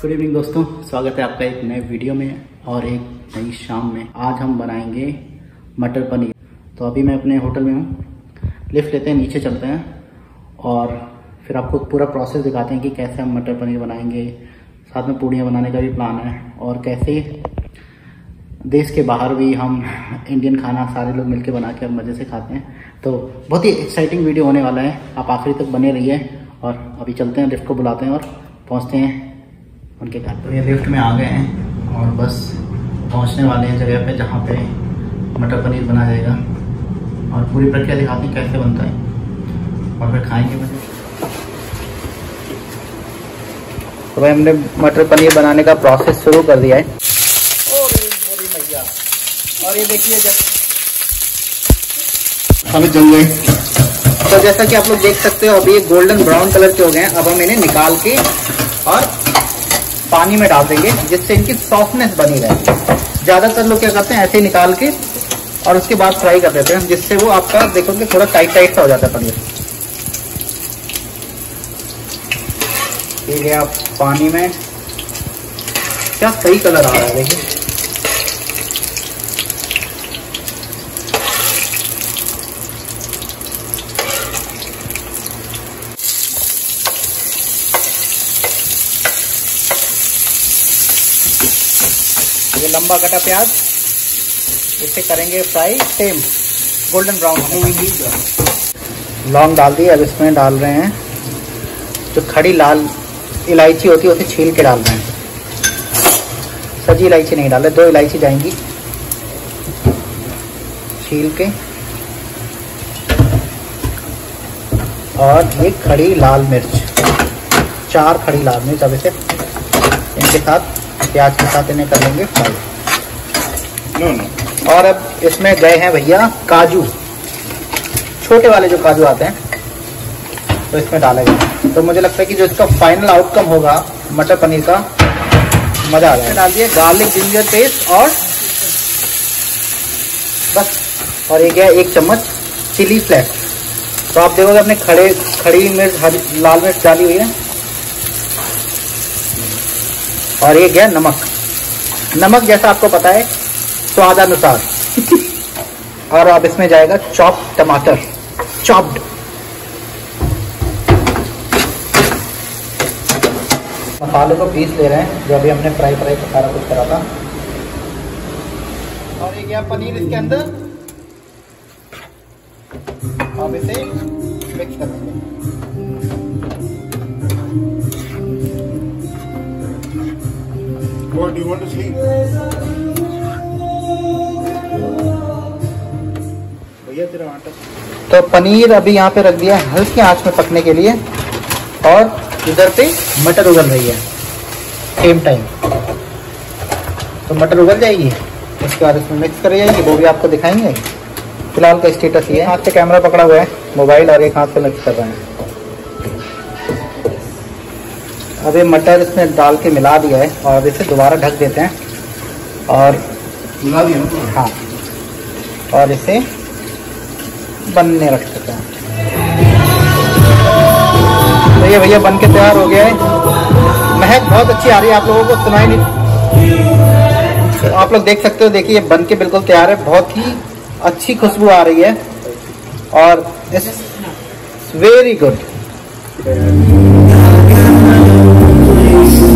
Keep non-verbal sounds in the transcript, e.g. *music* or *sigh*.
Good evening दोस्तों स्वागत है आपका एक नए वीडियो में और एक नई शाम में आज हम बनाएंगे मटर पनीर तो अभी मैं अपने होटल में हूँ लिफ्ट लेते हैं नीचे चलते हैं और फिर आपको पूरा प्रोसेस दिखाते हैं कि कैसे हम मटर पनीर बनाएंगे साथ में पूड़ियाँ बनाने का भी प्लान है और कैसे देश के बाहर भी हम इंडियन खाना सारे लोग मिलकर बना के मज़े से खाते हैं तो बहुत ही एक्साइटिंग वीडियो होने वाला है आप आखिरी तक बने रहिए और अभी चलते हैं लिफ्ट को बुलाते हैं और पहुँचते हैं उनके घर तो ये लिफ्ट में आ गए हैं और बस पहुंचने वाले हैं जगह पे जहाँ पे मटर पनीर बनाया जाएगा और पूरी प्रक्रिया दिखाती कैसे बनता है और फिर खाएंगे मजे तो भाई हमने मटर पनीर बनाने का प्रोसेस शुरू कर दिया है और ये देखिए हमें जल गए तो जैसा कि आप लोग देख सकते हो अभी ये गोल्डन ब्राउन कलर के हो गए हैं अब हम इन्हें निकाल के और पानी में डाल देंगे जिससे इनकी सॉफ्टनेस बनी रहे ज़्यादातर लोग क्या करते हैं ऐसे निकाल के और उसके बाद फ्राई कर देते हैं जिससे वो आपका देखोगे थोड़ा टाइट टाइट सा हो जाता है पनीर ये आप पानी में क्या सही कलर आ रहा है देखिए ये लंबा कटा प्याज इसे करेंगे फ्राई सेम गोल्डन ब्राउन लौंग डाल दी अब इसमें डाल रहे हैं जो खड़ी लाल इलायची होती है उसे छील के डाल रहे हैं सजी इलायची नहीं डाले दो इलायची जाएंगी छील के और ये खड़ी लाल मिर्च चार खड़ी लाल मिर्च अब इसे इनके साथ प्याज के साथ इन्हें लेंगे फ्राई नो नो और अब इसमें गए हैं भैया काजू छोटे वाले जो काजू आते हैं तो इसमें डाला तो मुझे लगता है कि जो इसका फाइनल आउटकम होगा मटर पनीर का मजा आ है डाल दिए गार्लिक जिंजर पेस्ट और बस और ये गया एक चम्मच चिली फ्लेक्स तो आप देखोगे अपने खड़े खड़ी मिर्च हरी लाल मिर्च डाली हुई है और एक है नमक नमक जैसा आपको पता है स्वादानुसार *laughs* और अब इसमें जाएगा चॉप टमाटर चॉप्ड मसाले को पीस ले रहे हैं जो अभी हमने फ्राई फ्राई सारा कुछ करा था और एक गया पनीर इसके अंदर अब इसे मिक्स कर देंगे What do you want to sleep? भैया तेरा आटा तो पनीर अभी यहाँ पे रख दिया है हल्की आंच में पकने के लिए और इधर पे मटर उगल रही है सेम टाइम तो मटर उगल जाएगी उसके बाद इसमें मिक्स कर जाएगी वो भी आपको दिखाएंगे फिलहाल का स्टेटस ये है हाथ से कैमरा पकड़ा हुआ है मोबाइल और एक हाथ से मिक्स कर रहे हैं अब ये मटर इसमें डाल के मिला दिया है और अब इसे दोबारा ढक देते हैं और मिला दिया हाँ और इसे बनने रख देते हैं तो ये भैया बन के तैयार हो गया है महक बहुत अच्छी आ रही है आप लोगों को सुनाई नहीं तो आप लोग देख सकते हो देखिए ये बन के बिल्कुल तैयार है बहुत ही अच्छी खुशबू आ रही है और इस वेरी गुड Thank you.